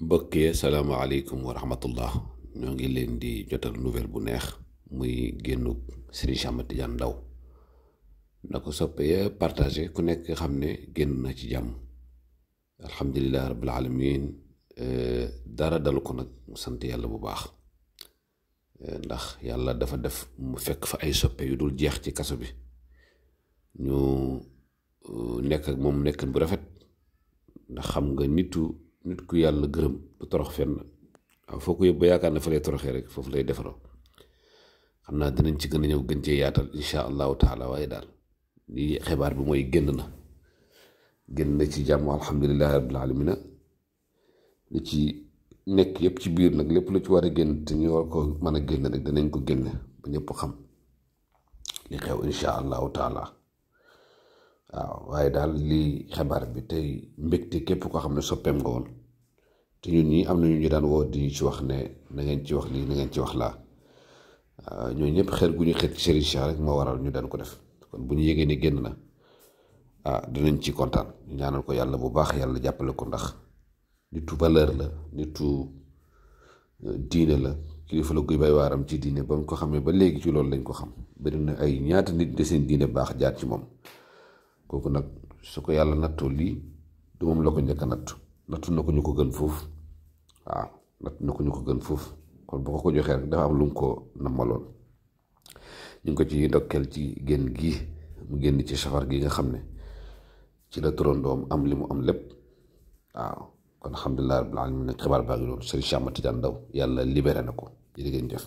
mbokk yi salaamaaleykum wa rahmatullah ñoo ngi leen di jotal nouvelle bu neex muy génnu Serigne Cheikh Ahmed Tidiane Ndao na ko soppee partagé ku nekk xam ne génn na ci jàmm alhamdulilah rabbil alamin dara dalu ko nag mu sant yàlla bu baax ndax yàlla dafa def mu fekk fa ay soppe yu dul jeex ci kaso bi ñu nekk ak moom nekkan bu rafet ndax xam nga nitu nit ku yàlla gërëm du torox fenn waaw foo ko yóbbu yaakaar na fa lay toroxee rek foofu lay defaroo xam naa dinañ ci gën a ñëw gën cee yaatal insha allahu taala waaye daal lii xibaar bi mooy génn na génn na ci jàmm alhamdulilahi rabbil alamina li ci nekk yëpp ci biir nag lépp lu ci war a génn te ñu war ko man a génn rek dinañ ko génne ba ñëpp xam li xew insha allahu taala waaye daal lii xibaar bi tey mbégte képp koo xam ne soppeem nga woon te ñun ñi am nañu ñu daan woo di ñu ci wax ne na ngeen ci wax lii na ngeen ci wax laa ah, ñooñu ñëpp xeet gu ñu xeet ci rek moo waral ñu daan ko def kon bu ñu yégee ne génn na ah dinañ ci kontaan ñaanal ko yàlla bu baax yàlla jàppale ko ndax nitu valeur la nitu euh, diine la kilifa la guy bay waaram ci diine ba mu ko xamee ba léegi ci loolu lañ ko xam bari na ay ñaata nit de seen diine baax jaar ci moom kooku nag su ko yàlla nattoo lii du moom la ko njëkk a nattu nattu na ko ñu ko gën foofu waaw nattu na ko ñu ko gën foofu kon boo ko joxee rek dafa am lum ko nammaloon ñu ngi ko ci ndokkeel ci génn gii mu génn ci safar gi nga xam ne ci la turandoom am li mu am lépp waaw kon alhamdulilah rabbil alamin nag xibaar baa ngi noonu Serigne Cheikh Ahmed Tidiane yàlla libéré na ko jërëjëf